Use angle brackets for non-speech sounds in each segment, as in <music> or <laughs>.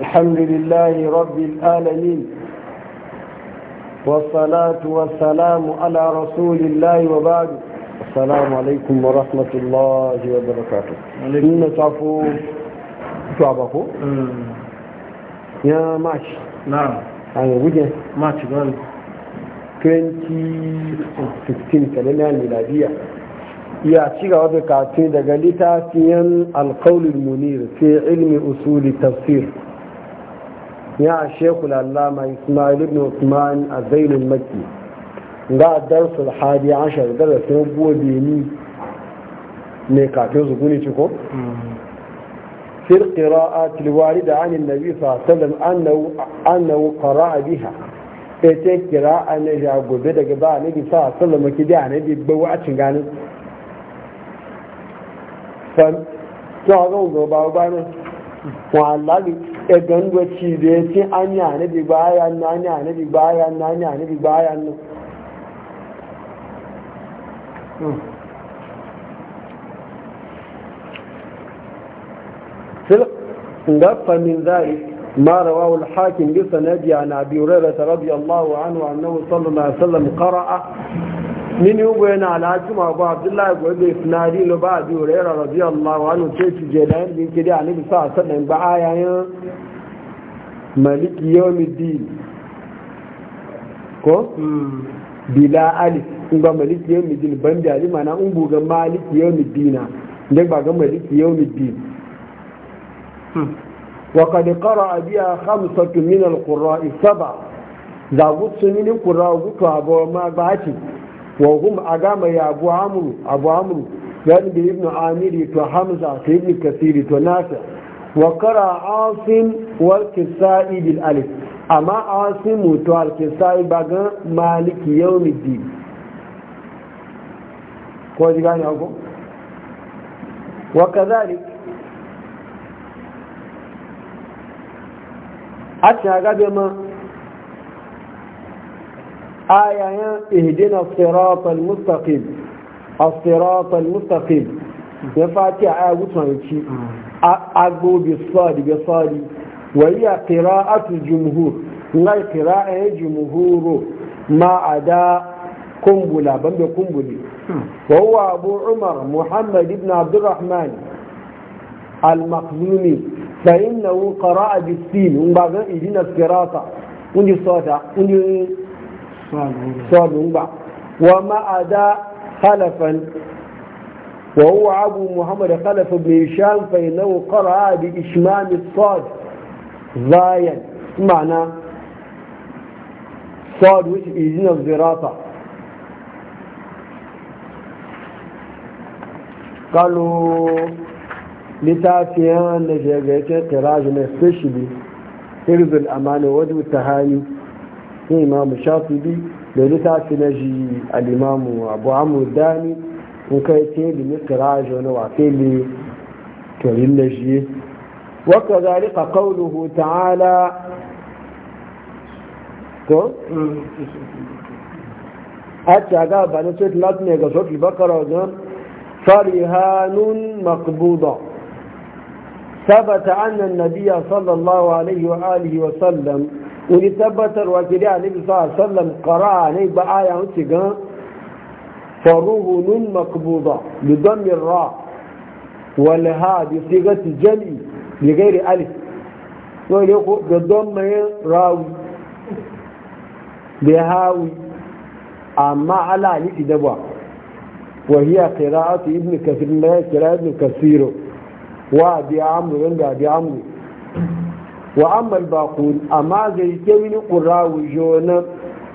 الحمد لله رب العالمين والصلاة والسلام على رسول الله وبعد السلام عليكم ورحمة الله وبركاته إن تعفو تعبكو آه. يا ماشي نعم أنا وجه ماتش قال 2016 كلمة ميلادية يا شيخ هذا كاتب دعالي daga القول المنير في علم أصول التفسير shekul allama ismail ibn usman a الزين maki ga darsu alhadi ashar darasin gobe ni ne kafin su guni ciko fil qira'ati da an annabi sallallahu alaihi wasallam annahu annahu a biha ce kira a na gobe daga ba annabi sallallahu alaihi wasallam ki da annabi ba wacin ganin san to zo go ba ba ne wallahi egan gwaci da ya ce an yi hannabi bayan na an yi hannabi bayan na an yi hannabi bayan na غفى من ذلك ما رواه الحاكم بسند عن ابي هريره رضي الله عنه انه صلى الله عليه وسلم قرأ nínú yugo yana alhajima ba abdullahi gobe sinari lo ba abi hurairah radiyallahu anhu ce ci je da yin kidi annabi sa sallan ba ayayen maliki yawmiddin ko hmm. bila alif in maliki yawmiddin ban da alima na maliki yawmiddina dai ba ga maliki yawmiddin وقد قرأ بها a من wa hum agama ya abu amru abu amru yani bi ibnu amiri to hamza to ibnu kasiri to nasa wa qara asim wal kisai bil alif amma asim to al kisai baga maliki yawmiddin ko ji gani ko wa kadhalik a ga gaba آية اهدنا الصراط المستقيم الصراط المستقيم يفاتي آية وطنشي أقو بالصاد بالصاد وهي قراءة الجمهور لا قراءة الجمهور ما أدا قنبلة بمب قنبلة وهو أبو عمر محمد بن عبد الرحمن المخزومي فإنه قرأ بالسين وبعدين اهدنا الصراط ونجي الصوت ونجي صابون با وما أدا خلفا وهو أبو محمد خلف بن هشام فإنه قرأ بإشمام الصاد ضايا معنى صاد وش إذن الزراطة قالوا لتافيان لجيغيتي تراجم especially حفظ الأمانة ودو التهاني في إمام الشافعي لنتاس نجي الإمام أبو عمرو الداني وكيتي لنقراج ونوعتي لكريم نجي وكذلك قوله تعالى حتى قال بعد سيد لاتني قصوت البكرة فرهان مقبوضة ثبت أن النبي صلى الله عليه وآله وسلم wani tabbatar ke da annabi sa kara a ne ba aya wuce ga faruhu nun da don dammi ra Wani ha bi ti jami bi gairi alif to ne ko da dammi rawi bi hawi amma ala ni idaba wa hiya qira'atu ibn ya kira qira'atu kathir wa bi amurin ga bi amurin وأما الباقون أما زي كمن قرأوا جونا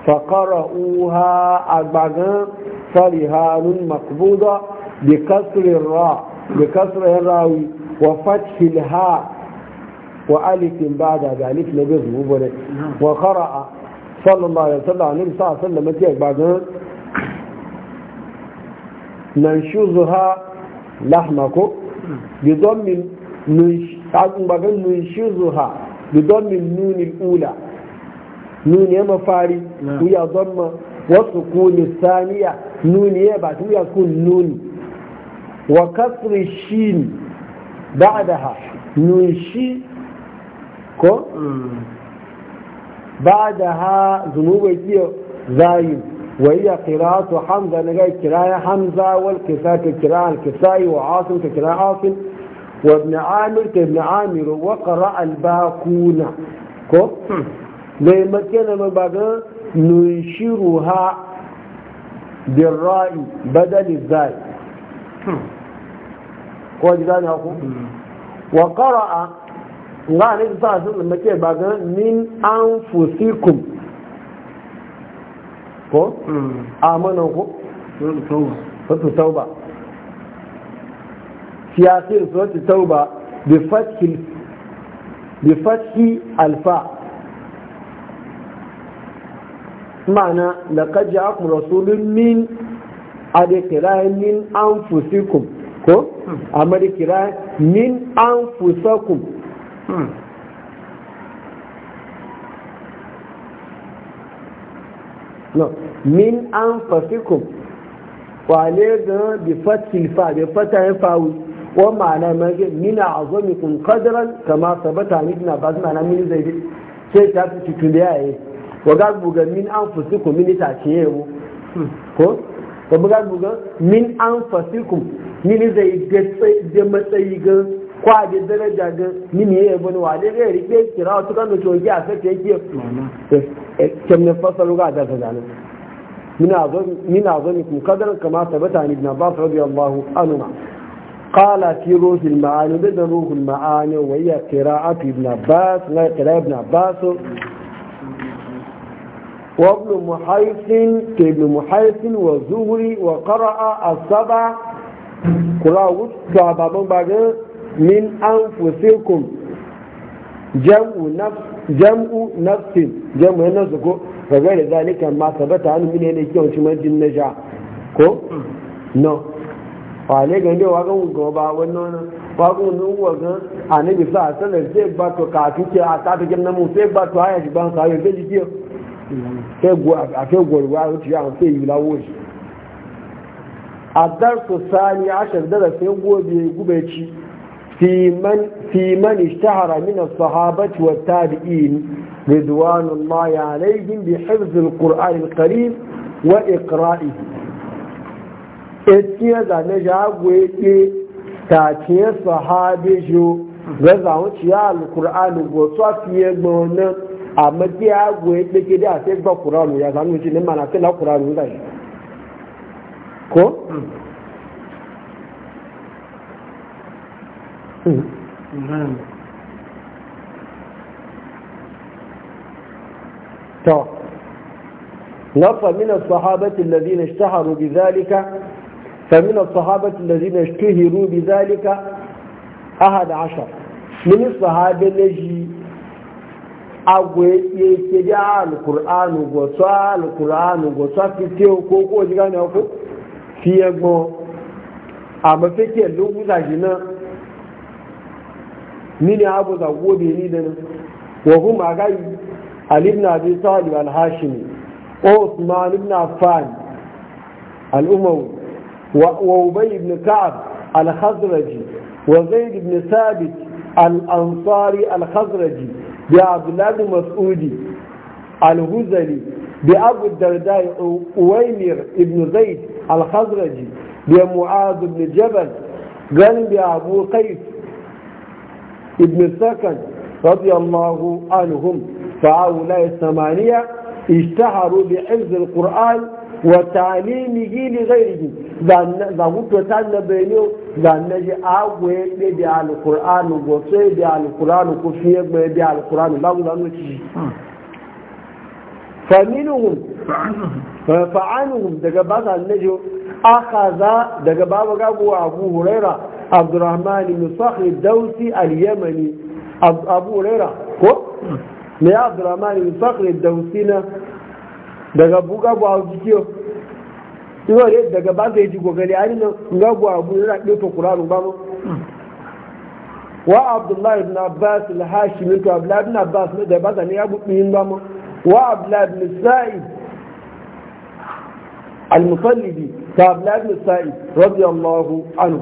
فقرأوها أبدا فلهان مقبوضة بكسر الراء بكسر الراوي وفتح الهاء وألف بعد ذلك لبيض مبنى وقرأ صلى الله عليه وسلم عليه الصلاة والسلام بعد ننشوزها لحمكم بضم ننشوزها بضم النون الأولى نون يا فاري نعم. ويا ضم وسكون الثانية نون يبعد ويا سكون نون وكسر الشين بعدها نون شي كو بعدها ذنوب زايد وهي قراءة حمزة نجاي كراية حمزة والكساء كراية الكسائي وعاصم كراية عاصم وابن عامر كابن عامر وقرأ الباقون كو لما مكان مباقى ننشرها بالراء بدل الزاي كو جدان أخو وقرأ الله عليه الصلاة والسلام لما كان مباقى من أنفسكم كو آمنوا كو فتو توبة في آخر سورة التوبة بفتح بفتح الفاء معنى لقد جاءكم رسول من أدي min من أنفسكم كو أما من أنفسكم no min an anfasikum wale ga bi fatil fa bi fata ya fawi wa ma'ana mage mina azumikum qadran kama sabata ni ina ba ma'ana min zai bi sai ta fi tutun da yayi wa ga buga min anfusikum min ta ce yau ko ko buga min min zai matsayi ga kwa daraja ga min yayi bani wa da ga rike kira to kan to ya sai ke ke kemne fasalu ga da min azumikum qadran kama sabata ni ina ba radiyallahu anhu قال في روح المعاني بدنا روح المعاني وهي قراءة ابن عباس لا قراءة ابن عباس وابن محيث كابن محيث وزهري وقرأ السبع قراءة بعضهم من أنفسكم جمع نفس جمع نفس جمع نفس فغير ذلك ما ثبت عنه من هنا كيف يمكن نجا كو نو no. wale ga ne wagon goba wannan wagon nun wagon annabi sa sallar sai ba to kafin ke a ta take nan mu sai ba to haya shi ban sa yau sai jike sai go a kai gorwa wuce ya sai yi lawo shi الدرس الثاني عشر درس يقول بقبيتي في من في من اشتهر من الصحابة والتابعين رضوان الله عليهم بحفظ القرآن الكريم وإقرائه etiye zane jagwe ke tace sahabe jo ga zawo ciya alkur'ani go tsafiye gbona a maki agwe ke ke da sai ba qur'ani ya zanu ci nan mana kana qur'ani da shi ko to نفى من الصحابة الذين اشتهروا بذلك فمن الصحابة الذين اشتهروا بذلك أحد عشر من الصحابة الذي agwe ya ke da alkur'anu gwaso alkur'anu gwaso fite ko ko ji gane fiye gbọ a mafike lokuta shi na mini abu da ni da nan wa kuma gai al-hashimi usman وأبي بن كعب الخزرجي وزيد بن ثابت الأنصاري الخزرجي بعبد الله بن مسعود الهزلي بأبو الدرداء أويمر بن زيد الخزرجي بمعاذ بن جبل قال بأبو قيس بن سكن رضي الله عنهم فهؤلاء الثمانية اشتهروا بحفظ القرآن wa talimihi li ghairihi za gutu ta na bayani za na ji agwe ɗe da go gote da alkur'anu ko fiye gbe da alkur'anu ba mu zanu ci fa fa'anuhum daga ba za na ji akaza daga babu gago abu huraira abdurrahman ibn sahri dausi al-yamani abu huraira ko ne hmm. abdurrahman ibn sahri dausi na daga buga bu a jikiyo ina ne daga ba zai ji gogale a nan ga bu a bu yana kuranu ba mu wa abdullahi ibn abbas al-hashimi to abdullahi ibn abbas ne da ba ne ya buɗe yin ba mu wa abdullahi ibn sa'id al-musallibi ta abdullahi ibn sa'id radiyallahu anhu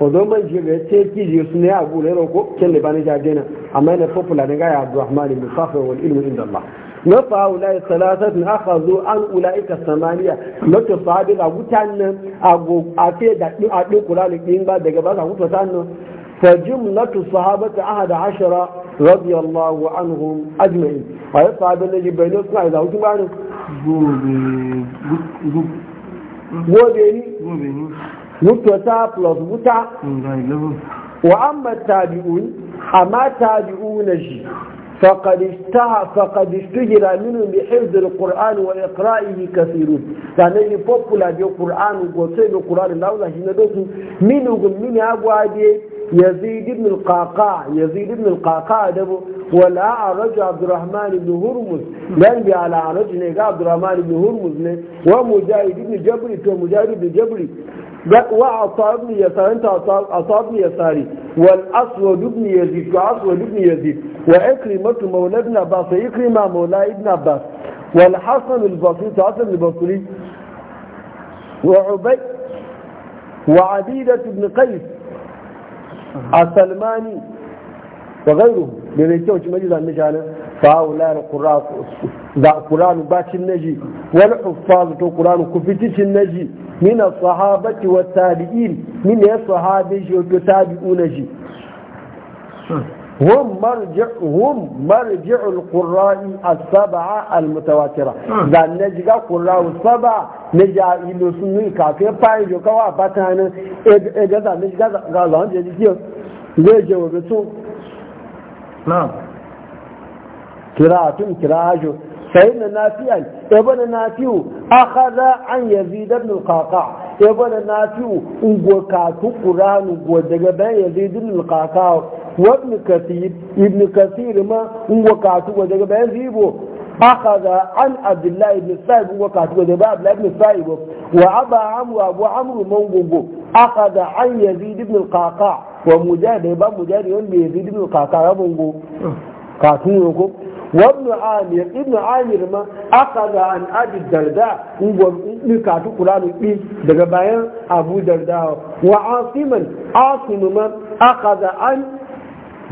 ozo man ji ga ce ki ji su ne abu ne ko kin da bani jadena amma popular ne ga abdurrahman ibn wal ilmu inda allah na fa'ulai salasatun aka zo an ula'ika Samariya. na ta sahabi ga mutanen a fiye da ɗin kurani ɗin ba daga ba ga mutanen nan ta jimlatu sahabata aha da ashara radiyallahu anhum ajma'in a yi sahabi na suna da hutun ba ne gobe ni mutata plus wuta wa amma tabi'un amma tabi'un na shi فقد استهى فقد استجرى منه بحفظ القرآن وإقرائه كثيرون يعني فوقلا دي القرآن وقصيد القرآن لا ولا هنا دوسو من من أبوا دي يزيد بن القعقاع يزيد بن القعقاع دبو ولا عرج عبد الرحمن بن هرمز لأن على عرج عبد الرحمن بن هرمز ومجاهد بن جبري تو مجاهد بن جبري وعطاء يساري انت عطاء يساري والاسود ابن يزيد واسود ابن يزيد وإكرمت مولى ابن عباس وعكرمة مولى ابن عباس والحسن البصري حسن البصري وعبيد وعبيدة بن قيس السلماني وغيره من يتوش مجلس عن مجانا فهؤلاء القراء ذا قرآن باش النجي والحفاظ قرآن كفتش النجي من الصحابة والتابعين من الصحابة والتابعون جي هم مرجع هم مرجع القراء السبعة المتواترة ذا نجي قراء السبعة نجا إلو سنوي كافي فايجو كوا باتانا إذا نجي قال لهم جديد يجي وبسو نعم kiratun kirajo sai na nafiyan ibn nafiu akhadha an yazid ibn qaqa ibn nafiu ugo ka tu qur'an ugo daga ban yazid ibn qaqa wa ibn kathir ibn kathir ma ugo ka tu daga ban ribo akhadha an abdullah ibn sa'id ugo ka tu daga ibn sa'id wa aba amru abu amru ma akhadha an yazid ibn qaqa wa mujahid ibn mujahid ibn qaqa ugo ka tu ugo وابن عامر ابن عامر ما أخذ عن أبي الدرداء وكاتب قرآن بي دقبايا أبو الدرداء وعاصما عاصم ما أخذ عن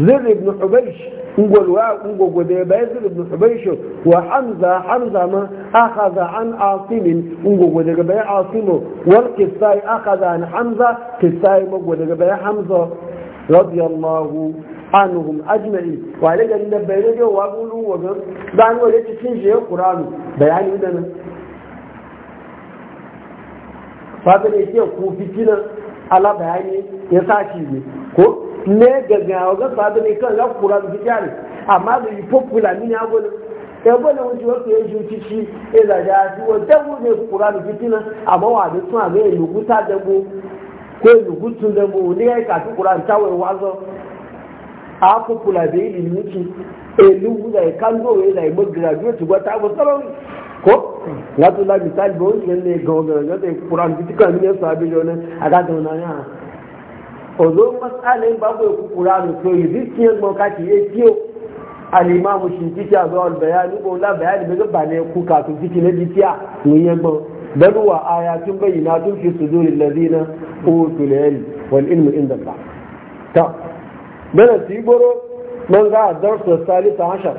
زر بن حبيش نقول ونقول قديبة زر بن حبيش وحمزة حمزة ما أخذ عن عاصم نقول قديبة عاصم والكساي أخذ عن حمزة كساي ما قديبة حمزة رضي الله anhum ajma'in wa da garin da bai wa gulu wa ga dan wa da cikin shi Qur'ani bayani da nan fata ne ku fitina ala bayani ya sa shi ne ko ne gaggawa ga fata ne kan ga Qur'ani fitare amma da yi popular mini agona ẹgbẹ́ ni wọ́n ti wọ́n fi ẹjú títí shi àti wọ́n Qur'ani fitina Qur'ani a kufula da yi limuci elu da ya kan zo e, da ya mai graduate gwata abu sarari ko na tula misali ba wani yadda ya gawa gawa da ya kuran bitika ne ya sabi da ne a gada wani ya ozo matsalin babu ya kukura da so yi zikin mawakaci ya kiyo alimamu shi kiki a zuwa bayani ko la bayani bai ba ne kuka tun kiki na a mun yi ba baluwa ayatun bayyana tun fi sudurin lazina utul ilm wal ilmu inda ba ta bana su yi goro man za a zarfa salisa hashar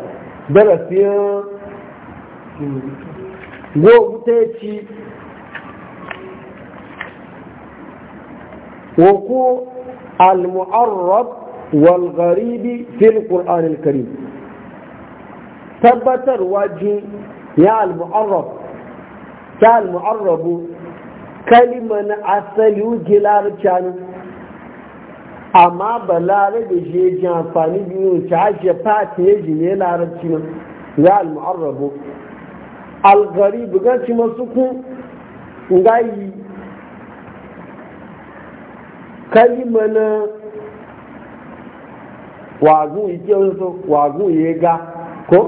bana su ta yi ci wako al-mu'arrab wal-gharibi fil ƙur'an al tabbatar waje ya al-mu'arrab ta al-mu'arrabu kalima na asali wujilar amma ba larabe shi ya ji amfani biyu ta ake fati ya ji ne larabci nan ga al-mu'arrabu algari buganci masu ku ngayi kalima na wazu ike wasu wazu ya ga ko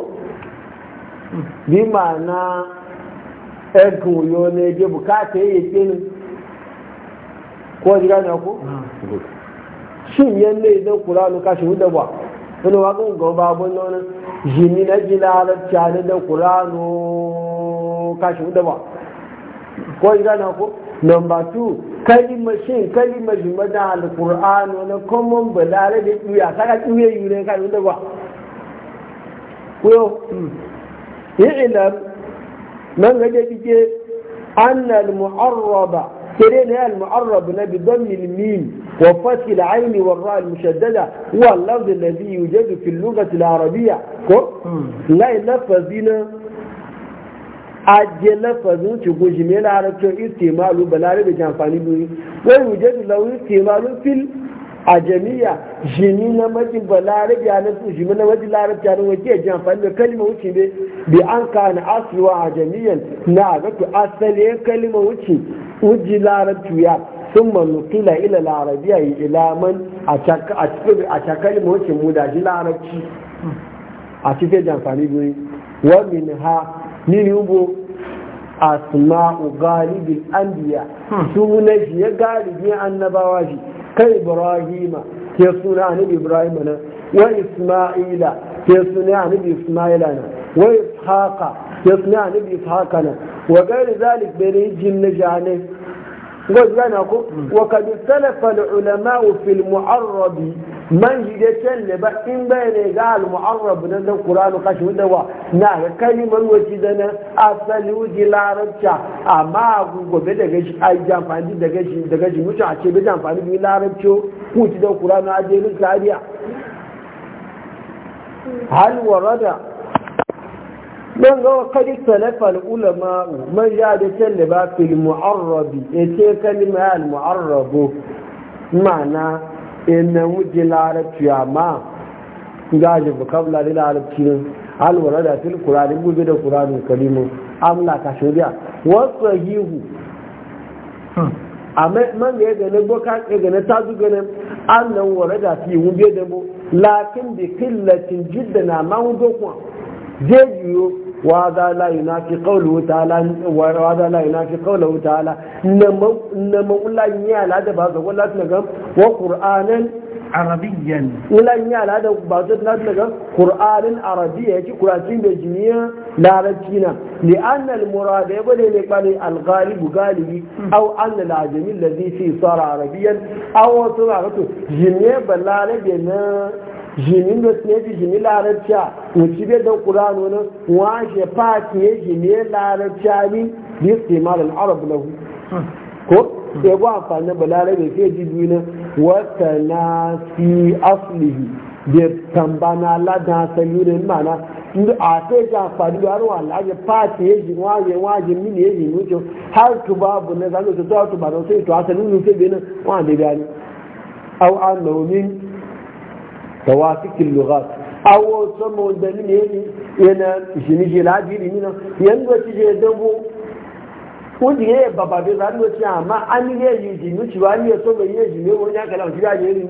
bi ma na ẹgùn yóò na ẹgbẹ́ bukata ya yi ko jira na ko. shin yan ne zan kura nu kashi hudu ba wani wakon gaba abin nan jini na jina halarci ne da kur'anu kashi hudu ba ko ina na ko number two kalimar shin kalimar jimada alkur'an wani common balare da ƙuya saka ƙuya yi ne kashi hudu ba kuyo yi ilam man gaje kike annal mu'arraba kire ne al mu'arrab na bidon mil mim وفتح العين والراء المشددة هو اللفظ الذي يوجد في اللغة العربية لا لفظنا ajiye lafazin shigo shi mai larabcin istimalu ba larabe ji amfani biyu wai wujadu lau istimalu fil a jami'a jini na maji ba larabe a nasu shi na maji larabci a nan ji amfani da kalma wuce an ka a na a asalin wuce sun manukila ila larabiya yi ilaman a cakali mawacin mu da shi larabci a cikin jamfani guri wa min ha min yubo asma'u galibin anbiya hmm. suna shi ya galibin annabawa shi kai ibrahima ke suna annabi ibrahima nan wa isma'ila ke suna annabi isma'ila nan wa ishaqa ke suna annabi ishaqa na. wa gairi zalik bai ne jin na jane ngozi gane ko hmm. wa kad salafa al ulama fi al mu'arrab man jidatan ne ba in bayane ga al mu'arrab nan da qur'anu kashi da wa na ga kalimar wace da na asali wuji larabta amma gobe daga shi ai jamfani daga shi daga shi mutum a ce bai jamfani bi larabcio ku ci da qur'anu a lin kariya hmm. hal warada don gawa kadi salafal ulama man ja da can ba fil mu'arrabi ya ce kalima al mu'arrabu ma'ana ina wuce larabci amma ga bukabla da larabci ne alwara da fil kurani gobe da kurani kalimun amla ka shirya wasu hihu man ya gane boka ya gane ta zu gane wara da fi da mu lakin ma mun dokuwa zai yiwu وهذا لا ينافي قوله تعالى وهذا لا ينافي قوله تعالى انما ولا ينال هذا بعض ولا تنقم وقرانا عربيا ولا ينال هذا بعض لا تنقم قرانا عربيا يجي قراتين بجميع لارتينا لان المراد يقول لك الغالب غالب او ان العجم الذي فيه صار عربيا او صار عربيا جميع بالعربي jimin da ne ji jimi larabciya wuci bai da ƙuranu nan washe fati ya jimi larabciya ni bi istimar al'arab lahu ko sai bu amfani ba balarabe sai ji biyu nan wata na fi aslihi da tambana ladan asali ne mana ndu a sai ji amfani da ake je pati ne ji waje waje mini ya ji mutu har tu ba bu na zanu ta tuwa ba da sai to asali ne sai bi nan wanda ya gani au an naumin tawafikin lugat awo sama wanda ni ne yana shini je labiri nina yanzu ci je dabo wanda ya yi bababe za ni wace amma an yi yi ji nuci ba ni ya so bai yi ji ne wani ya kala shi ya je ni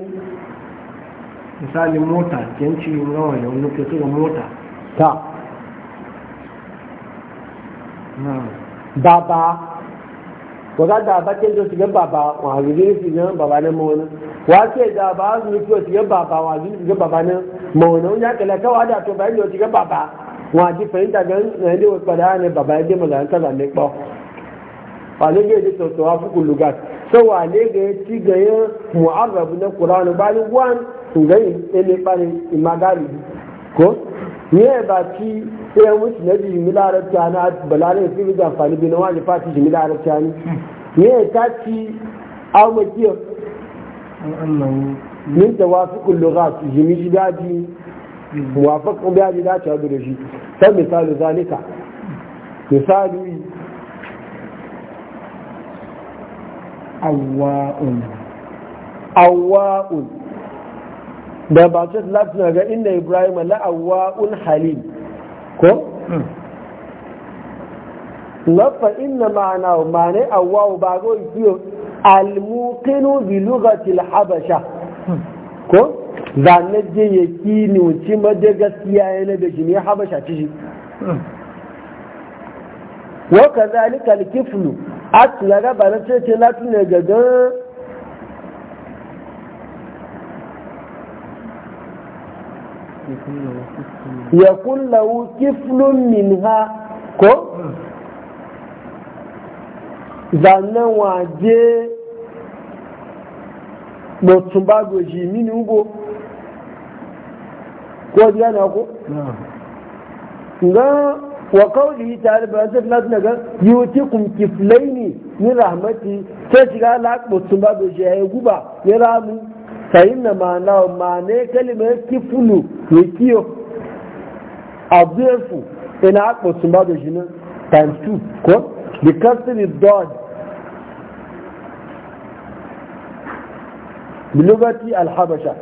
misali mota ne ke mota waga da ba ke zo shiga baba wa gidi shiga baba ne mona wa ke da ba su ni ko shiga baba wa gidi shiga baba na mona ya kala ka wa da to ba yo shiga baba wa ji fahimta ga ne da wa da ne baba ya je ne ko wa ne ge to to fuku lugat so wa ne ci ga ya mu'arrab na qur'an ba ni wan ngai ne ne ba ni ko ne ba ci sai ya wuce na biyu mila arabta na balarai sai bi amfani bi na wani fati shi mila arabta ne ne ya taci amakiya min ta wasu kulluga su jimi shi daji wafakun daji dace abu da shi san misali zalika misali awa'un awa'un da ba ce latin ga inda ibrahim awa'un halim ko lafa hmm. inna ma'ana ma'anai awwawu ba ga ikiyo almuqinu bi lughati hmm. habasha ko zanne je yakini wuce made gaskiya yana da shi habasha ci shi wa kadhalika alkiflu atlaga ba na ce ce latin ne gagan ya kullahu kiflun ha, ko zanen waje mutum ba goji mini ugo ko jiya na ko? na wa kawai tare ba zai na tuna gan yiwuti kun kiflai ne ni rahmati sai shiga alaƙa mutum ba goji ya yi guba ya ramu فإن معناه معنى كلمة كفلو يكيو أضيفو إلى عقب سماد جنة times كو بكسر الضاد بلغة الحبشة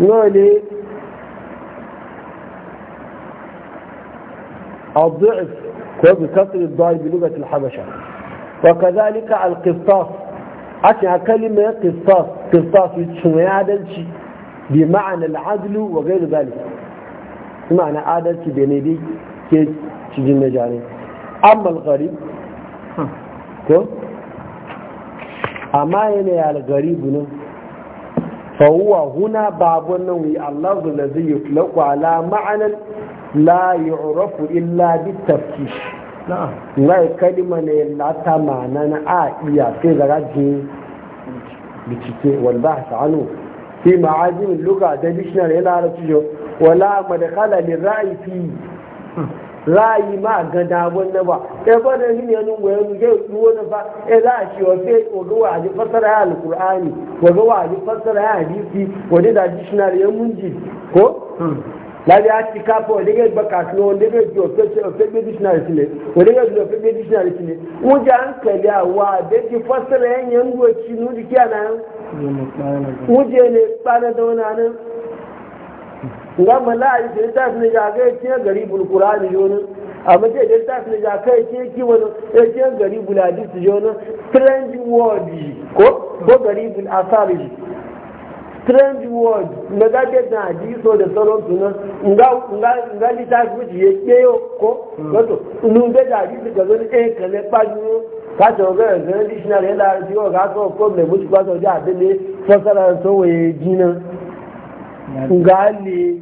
نولي الضعف كو بكسر الضاد بلغة الحبشة وكذلك القسطاس أشهى كلمة قسطاس قسطاس يتشمي عدلشي بمعنى العدل وغير ذلك بمعنى عدلشي بنبي كي تجينا جاري أما الغريب كو أما يلي الغريب نو فهو هنا باب النوي اللفظ الذي يطلق على معنى لا يعرف إلا بالتفتيش ngai kalima ne lata ta mana na a iya sai daga ji bicike wal bahth anhu fi ma'ajim luga da dictionary la arabi jo wala madkhala li ra'i fi ra'i ma ga da wannan ba e ba da ni ne nun goyen mu duwo na fa e za a ci wa sai o ga wa ji fasara alqur'ani wa ga wa ji fasara hadisi wa da dictionary ya munji ko hmm. lábẹ́ àtìká fún ọ̀dẹ́gẹ́ gbọ́kàtí wọn ọ̀dẹ́gẹ́ ju ọ̀fẹ́gbẹ́ dictionary sílẹ̀ ọ̀dẹ́gẹ́ ju ọ̀fẹ́gbẹ́ dictionary sílẹ̀ wọ́n jẹ́ à ń kẹ̀lé àwọ̀ àbẹ́tí fọ́sẹ̀lẹ̀ ẹ̀yẹ ń wọ̀ tí nù dìkí àná wọ́n jẹ́ lè kpánà dánwó nànà. nga mala ayi tẹ̀lé ká ẹ̀ gàrí ni tẹ̀lé ká ẹ̀ kí wọn ẹ̀ gàrí trend asari strange word na gaje hmm. da hadiso da sauran suna nga littafi wuce ya ko wato nun da hadiso ka zoni ɗaya ka ne ɓajiyo ka ce wa gaya ganin dishinari yana hadiyo ka so ko mai mutu ne fasara waye jina nga le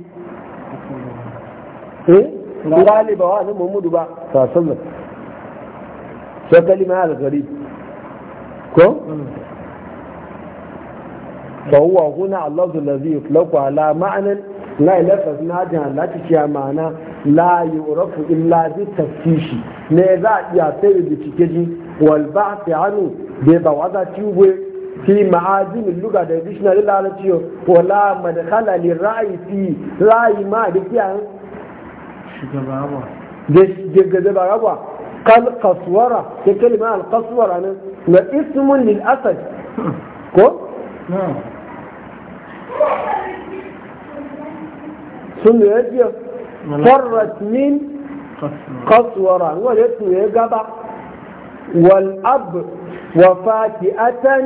eh? nga le ba wa ne ba فهو هنا اللفظ الذي يطلق على معنى لا يلفظ ناجع لا تشيا معنى لا يعرف إلا بالتفتيش نذا يعتبر بتكجي والبعث عنه ببعض تيوب في معازم اللغة ديشنا للعالتيو ولا مدخل للرأي في رأي ما دكيا جدب عبا قال قصورة كلمة القصورة ما اسم للأسد <laughs> كو؟ نعم sun da ya ce farrat min kasuwara wanda ya tuye gaba wal ab wa fati'atan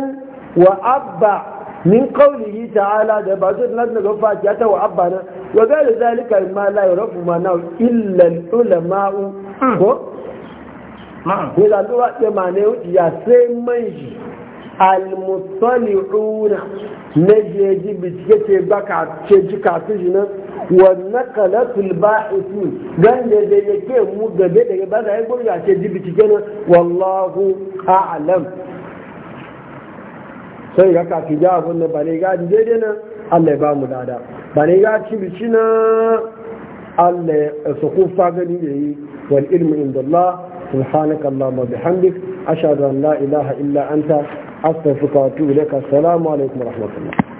wa abba min qawlihi ta'ala da ba zai nan daga fati'ata wa abba na wa gari zalika ma la yurafu ma na illa ulama'u hmm. ko ne da duwa ce ma ne ya sai manji المطلعون نجد بتجت بقى تجك عتجنا والنقلة الباحثين قال لذي يكي مدى بيدي بدا يقول لها تجيب تجينا والله أعلم سيكا كتجاب أن بريقات جينا الله يبام الأداء بريقات شبشنا الله سخوف فاقل إليه عند الله سبحانك اللهم وبحمدك أشهد أن لا إله إلا أنت astaghfiruka wa atubu alaikum rahmatullah